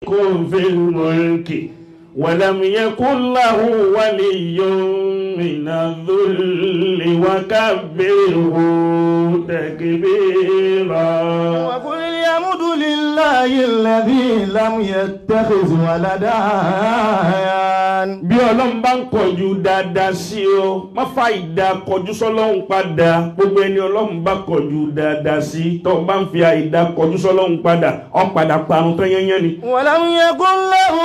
في الملك ولم يكن له ولي من الذل وكبره تكبيرا وقل يمد لله الذي لم يتخذ ولدا khairan. bí ọlọ́run bá ń kọjú dáadáa sí ọ má fa ìdá kọjú sọ́lọ́run padà gbogbo ẹni ọlọ́run bá kọjú dáadáa sí tó bá ń fi àìdá kọjú sọ́lọ́run padà ọ padà parun tán yẹnyẹn ni. walam yakun lahu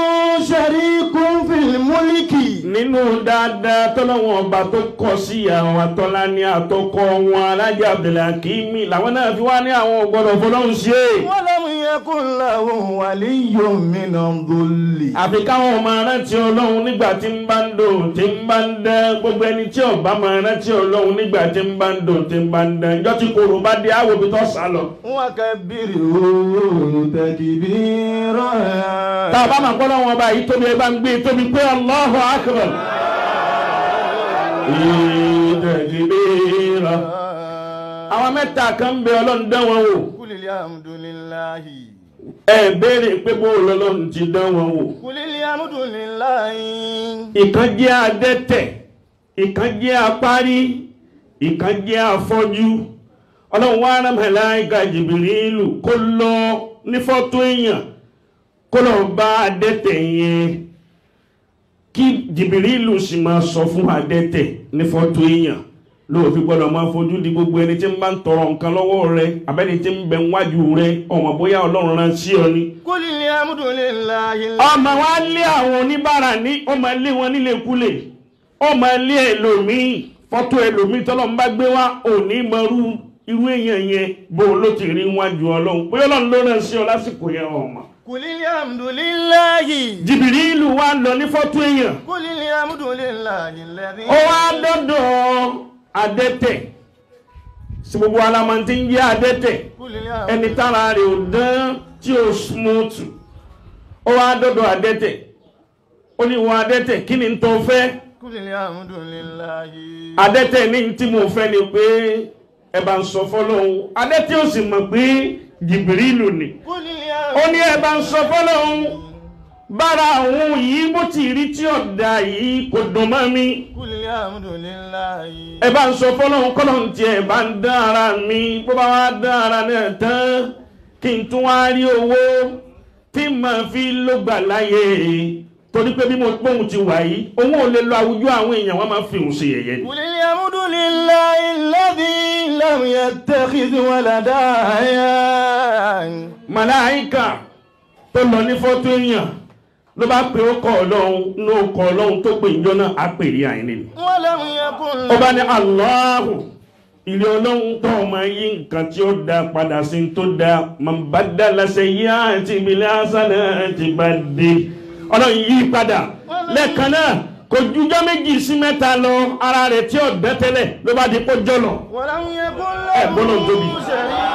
sharikun fil mulki. nínú dáadáa tọ́lọ́wọ́n ọba tó kọ sí àwọn àtọ́lá ní àtọkọ wọn alájà abdulhakeem làwọn náà fi wá ní àwọn ògbọ́dọ̀ fọlọ́run ṣe. wọ́n yakun ohun waliyyun minad dhulli. àfi káwọn máa rántí ọlọ́run nígbà tí ń bá ń dò tí ń bá ń gbogbo ẹni tí ó bá ti ọlọ́run nígbà tí ń bá ń dò tí ń bá ń dẹ́ ǹjọ́ tí koro bá dé àwọn òbí tó sá lọ. wa kabbiru takbira. tá a bá máa yìí tóbi ẹ bá ń gbé tóbi pé àwọn mẹ́ta kan kulili amudulilahi. ẹ béèrè pé bó lọ́lọ́run ti dán wọn wò. kulili amudulilahi. ìkan jẹ́ adẹ́tẹ̀ ìkan jẹ́ apárí ìkan jẹ́ afọ́jú ọlọ́run wá rán màláíkà Jìbìrìlù kó lọ ní fọ́tò èèyàn kó lọ bá adẹ́tẹ̀ yẹn kí Jìbìrìlù sì máa sọ fún adẹ́tẹ̀ ní fọ́tò èèyàn lóò fi gbọ́dọ̀ máa fojú di gbogbo ẹni tí ń bá ń tọrọ nǹkan lọ́wọ́ rẹ abẹ́ni tí ń bẹ níwájú rẹ ọmọ bóyá ọlọ́run rán sí ọ ni. kúlìlì amúdùnléláyé. ọmọ wa lé àwọn oníbàárà ní ọmọ ilé wọn nílẹ̀kulè ọmọ ilé ẹlòmíì fọ́tò ẹlòmíì tọ́lọ́ bá gbé wá òní mọ́rú irú èèyàn yẹn bó ló ti rí wájú ọlọ́run bóyá ọlọ́run ló rán sí ọ lásìkò yẹn ọmọ kùlìlì amdulilayi. jìbìrìlù wa lọ ní fọ́tò èèyàn. kùlìlì amdulilayi lẹ́rìí. ó wá dọ́dọ̀ adẹ́tẹ̀ sí gbogbo alamọ̀tí ń yé adẹ́tẹ̀ ẹni tára rẹ̀ ò dán tí ó smooth ó wá dọ́dọ̀ adẹ́tẹ̀ ó ní wọn adẹ́tẹ̀ kí ni tó fẹ́ adẹ́tẹ̀ ní tí mo fẹ́ ni pé ẹ bá ń sọ fọ́lọ́hun adẹ́tẹ̀ ó sì mọ̀ pé jìbìrìlù ni ó ní ẹ bá ń sọ fọ́lọ́hun bára àwọn yìí bó ti rí tí ọ̀dà yìí kò dùn mọ́ mi. kúlẹ̀ alhamdulillahi. ẹ bá ń sọ fọlọ́hún kọ́lọ́hún tí ẹ bá ń dán ara mi bó bá wá dán ara náà tán kí n tún wá rí owó tí màá fi ló láyé torí pé bí mo gbóhùn ti wà yìí òun ò lè lọ àwùjọ àwọn èèyàn wọn máa ń fi òun ṣe yẹ̀yẹ́ ni. kúlẹ̀ alhamdulillahi alladhi lam yattakhidh walada. màláìka tó lọ ní fọ́tò èèyàn ló bá pe ó kọ ọlọ́run ní ó kọ ọlọ́run tó pè níjọ́ náà á pè ní àyìn nínú. wọ́n lẹ́hùn yẹn kún un. ó bá ní Allahu ilé ọlọ́run tó ọmọ yí nǹkan tí ó da padà sí tó da man baddala sayyi'ati bil hasanati baddil ọlọ́run yí padà lẹ́ẹ̀kan náà kò jújọ́ méjì sí mẹ́ta lọ ara rẹ̀ tí ó dẹ́ ló bá di kó jọ lọ. wọ́n lẹ́hùn yẹn kún un lọ́wọ́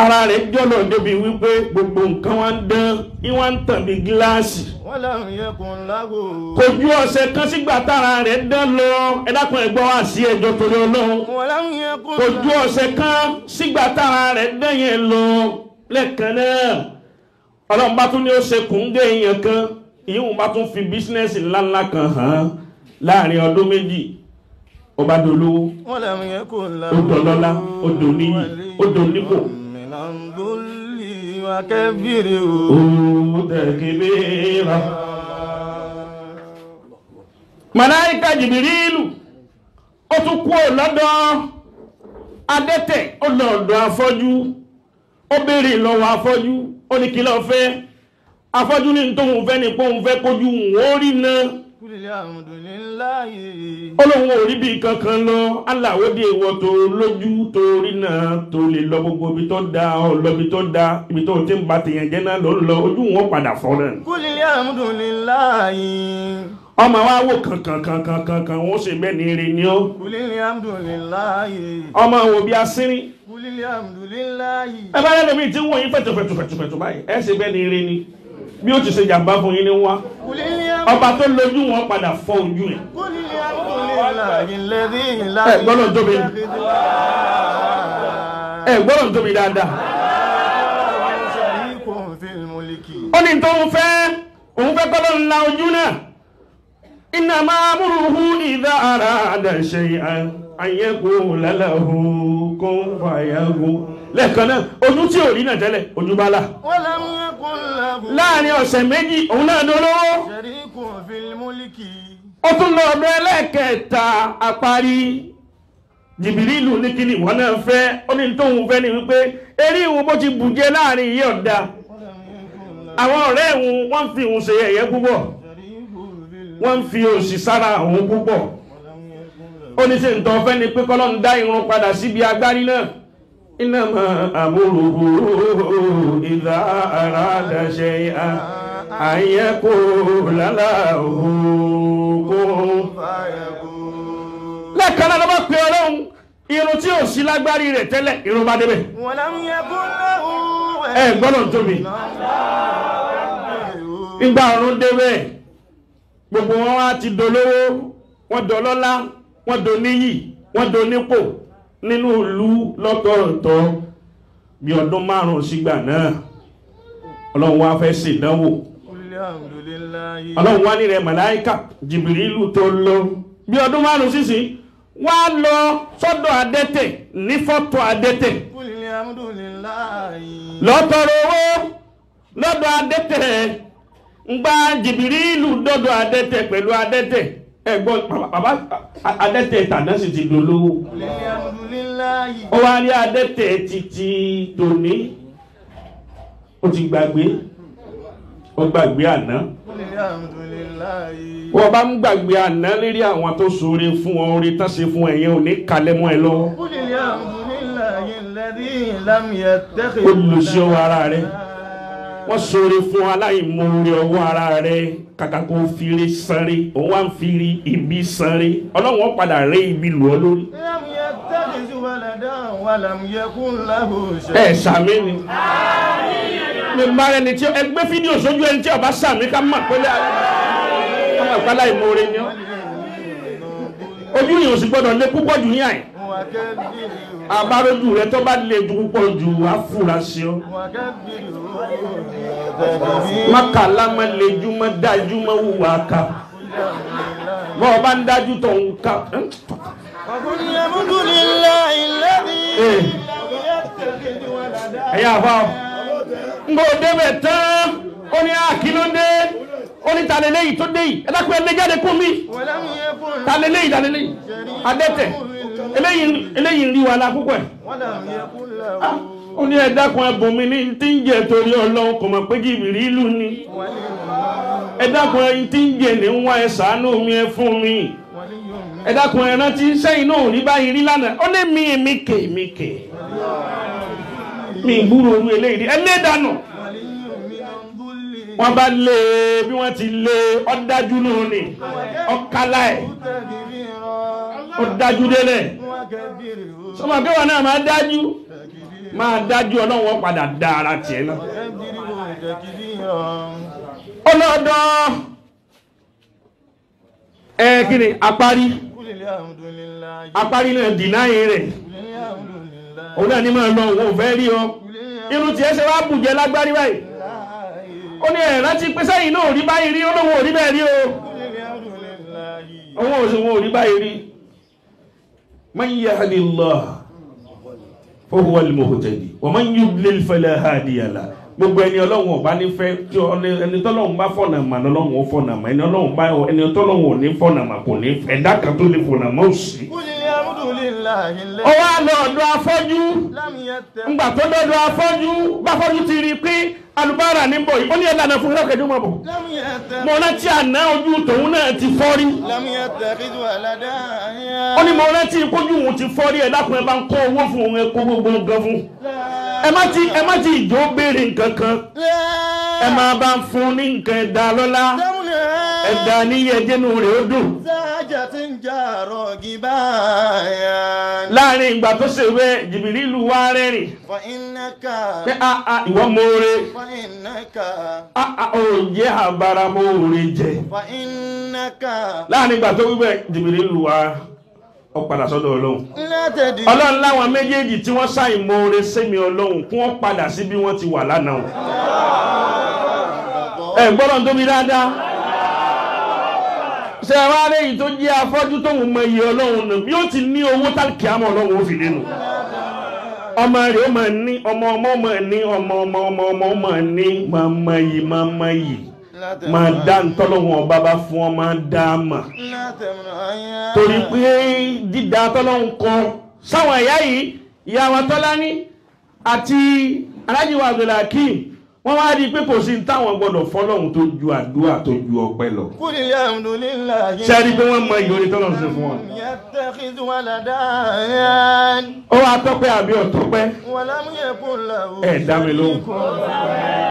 ara rẹ̀ jọ̀lọ̀ débi wípé gbogbo nǹkan wọn ń dán ìwọ̀n ń tàn bí gíláàsì. wọ́n lẹ́hìn yẹn kò ń lágò. kò ju ọ̀sẹ̀ kan sígbà tára rẹ̀ dán lọ ẹ dákun ẹ gbọ́ wá sí ẹjọ́ torí ọlọ́run. wọ́n lẹ́hìn yẹn kò ń lágò. kò ju ọ̀sẹ̀ kan sígbà tára rẹ̀ dán yẹn lọ lẹ́ẹ̀kan náà ọlọ́run bá tún ní ó ṣe kùngé yẹn kan ìyíwọ̀n bá tún fi bísínẹ́sì ńláńlá kan عن ذلي وكبره تكبيرا màláíkà jìbìrìlù ó tún kú lọ́dọ̀ adẹ́tẹ̀ ó lọ ọ̀dọ̀ afọ́jú ó béèrè lọ́wọ́ afọ́jú ó ní kí ló fẹ́ afọ́jú ní tóun fẹ́ ní pé òun fẹ́ kójú òun ó rí náà ọlọ́run ò rí bíi kankan lọ aláwọ̀ dé ìwọ tó lójú tó rí náà tó lè lọ gbogbo ibi tó da ọ lọ ibi tó da ibi tó ti ń ba tèèyàn jẹ́ náà ló ń lọ ojú wọn padà fọ́ náà. kúlílẹ̀ àmúdùnléláyé. ọmọ wa wò kankan kankan kankan wọn ṣe bẹ́ẹ̀ ni eré ni ó. kúlílẹ̀ àmúdùnléláyé. ọmọ wo bí a sírín. kúlílẹ̀ àmúdùnléláyé. ẹ bá yẹn lómi tí wọ́n yín fẹ̀tọ̀fẹ̀tọ̀fẹ̀tọ̀ báyìí ẹ ṣe bẹ́ẹ̀ ni eré ni bí ó ti ṣe jàǹbá fún yín ni wọ́n. kúlílẹ̀ ọba tó lójú wọn padà fọ́ ojú rẹ̀. ẹ gbọ́dọ̀ tóbi ẹ gbọ́dọ̀ tóbi dáadáa. ó ní tó ń fẹ́ òun fẹ́ gbọ́dọ̀ ńlá ojú náà iná máa múruhu ìdá ara àdàṣe àyẹ̀kú lálẹ́ òun kó ń lẹ́ẹ̀kan náà ojú tí ò rí náà tẹ́lẹ̀ ojú bá là. láàrin ọ̀sẹ̀ méjì òun náà ní olówó. ó tún lọ ọdún ẹlẹ́ẹ̀kẹta àparí jìbìrìlù ní kíni ìwọ náà fẹ́ ó ní tóun fẹ́ ni wípé eré ìwọ̀n bó ti bùjẹ láàrin yìí ọ̀dà àwọn ọ̀rẹ́ ìwọ̀n wọ́n fi ìwọ̀n ṣe ẹ̀yẹ púpọ̀ wọ́n fi òṣì sára òun púpọ̀ ó ní ṣe fẹ́ ni pé kọ́lọ́ ń dá irun padà síbi agbárí náà. إنما أمره إذا أراد شيئا أن يقول له كن lẹ́ẹ̀kan náà ló bá pe ọlọ́run irun tí ò sí lágbárí rẹ̀ tẹ́lẹ̀ irun bá débẹ̀. ẹ gbọ́dọ̀ tóbi ìgbà ọ̀run débẹ̀ gbogbo wọn á ti dolówó wọn dolọ́lá wọn doníyì wọn donípò nínú ìlú lọ́tọ̀ọ̀tọ̀ bí ọdún márùn-ún sígbà náà ọlọ́run wá fẹ́ ṣèdánwò ọlọ́run wá ní rẹ̀ màláíkà jìbìrìlù tó lọ bí ọdún márùn-ún sísì wá lọ sọ́dọ̀ adẹ́tẹ̀ ní fọ́tò adẹ́tẹ̀ lọ́tọ̀rọ̀ owó lọ́dọ̀ adẹ́tẹ̀ ń gba jìbìrìlù dọ́dọ̀ adẹ́tẹ̀ pẹ̀lú adẹ́tẹ̀ ẹ gbọ́ bàbá adẹ́tẹ̀ tàná sì ti dolówó ó wá rí adẹ́tẹ̀ títí tòní ó ti gbàgbé ó gbàgbé àná wọ́n bá ń gbàgbé àná lérí àwọn tó ṣoore fún ọ oore tán ṣe fún ẹ̀yẹn ò ní ẹ lọ́wọ́ olùṣọ́ ara rẹ̀ wọ́n ṣoore fún aláìmoore ọwọ́ ara rẹ̀ kàkà kó fire sanre òun wá ń firi ibi sanre ọlọ́run ó padà ré ibi lù ọ́ lórí. ẹ sàmì ni mi bá rẹ ní tí ẹgbẹ́ fídíò sójú ẹni tí ọba sàmì ká mọ̀ pé láìmoore ni ọ́ ojú yìí ò sì gbọ́dọ̀ lé púpọ̀ jù ní àyè abárójú rẹ tó bá lè dúró pọ̀ jù afurasí ọ. mákàlá má lejú má dájú má wùwà ká bọ́ ọ bá ń dájú tó ń ká. ẹ̀yà àfa ọ̀ ń bọ̀ débẹ̀ tán ó ní àkí ah, ló dé ó ní tàlélẹ́ yìí tó dé yìí ẹ̀dá pé ẹlẹ́ jáde kún mi tàlélẹ́ yìí tàlélẹ́ yìí adẹ́tẹ̀ eléyìí ń rí wa la púpọ̀ ẹ̀ ah, ó ní ẹ̀dá kan ẹ̀bùn mi ní tí ń jẹ torí ọlọ́run kò mọ̀ pé jìbìrì ìlú ni ẹ̀dá kan ẹ̀yìn tí ń jẹ ní ń wá ẹ̀ sàánú mi ẹ̀ fún mi ẹ̀dá kan ẹ̀ rántí sẹ́yìn náà ò báyìí rí lánàá ó lé mi èmi kè mi kè mi gbúròó eléyìí ẹlẹ́dàá náà wọ́n bá lé e bí wọ́n ti lé e ọ̀dájú nù ni ọ̀kálá ẹ̀ ọ̀dájú délẹ̀ sọmọ akéwà náà máa dájú máa dájú ọlọ́run wọn padà dá ara tiẹ̀ náà ọlọ́dọ̀ ẹ kí ni apárí apárí náà dìnáyé rẹ̀ òun náà ní máa lọ òun ò rí ọ irun tiẹ̀ ṣe wá bùjẹ́ lágbárí báyìí ó ní ẹ̀ rántí pé sẹ́yìn náà ò rí báyìí rí olówó ò rí bẹ́ẹ̀ rí o òun ò sì wọn ò rí báyìí rí man yahdillah fahuwa al-muhtadi wa man yudlil fala hadiya lah gbogbo ẹni ọlọ́run ọba nífẹ̀ẹ́ tí ẹni tọ́lọ́run bá fọ̀nà mà lọ́lọ́run ó fọ̀nà mà ẹni ọlọ́run bá ẹni tọ́lọ́run ò ní fọ̀nà mà kò ní ẹ̀dá kan tó lè fọ̀nà mà ó sì. ó wá lọ ọ̀dọ̀ afọ́jú ńgbà tó dọ́dọ̀ afọ́jú báfọ́jú ti rí pé alubára ní bọ̀ ó ní ẹ̀lá náà fún ìrọ̀kẹ́jú mọ̀ bọ̀ mọ̀ rántí àná ojú tòun náà ti fọ́rí ó ní mọ̀ rántí kójú òun ti fọ́rí ẹ̀ dákun ẹ̀ bá ń kó owó fún òun ẹ̀ kó gbogbo nǹkan fún ẹ má ti ẹ má ti ìjọ béèrè nǹkan kan ẹ máa bá ń fún ní nǹkan ẹ̀dá lọ́lá. ẹ̀dá níyẹjẹ́nu rẹ̀ ó dùn. sájà ti ń jà rọ̀ láàrin ìgbà tó ṣe rẹ́rìn. fọ iná ká. pé a ah, a ah, ìwọ mọ̀ọ́rẹ́. fọ a a ò jẹ́ àbára jẹ. fọ iná ká. láàrin ìgbà tó wí bẹ́ẹ̀ ọlọ́run láwọn méjèèjì tí wọ́n sẹ́mi ọlọ́run kún sí bí wọ́n ti wà lánàá Ẹ gbọ́dọ̀ tóbi ṣe wá léyìí tó jẹ́ afọ́jú tó ń mọ iye ọlọ́run nù yóò ti ní owó tálkì àmọ́ ọlọ́run ó fi nínú ọmọ rẹ̀ ó máa ní ọmọ ọmọ ọmọ ní ọmọ ọmọ ọmọ ọmọ ọmọ ní máa mọ yìí máa mọ yìí máa dá ntọ́lọ́hún ọba bá fún ọ máa dá a mà torí pé dídá tọ́lọ́hún kan sáwọn ẹ̀yà yìí ìyá wa Tọ́lání àti alájíwá Abdulhakeem wọ́n wá rí i pé kò sí táwọn gbọ́dọ̀ fọ́lọ́hún tó ju àdúrà tó ju ọpẹ́ lọ. kúlìlẹ̀ àmúdùlélà yìí. sẹ́ẹ̀rí pé wọ́n mọ ìyọrí tọ́lọ̀ ń ṣe fún wọn. ó wá tọ́pẹ́ àbí ọ̀tọ́pẹ́. wàlámù yẹ kó làwọn. ẹ dá mi lóhùn.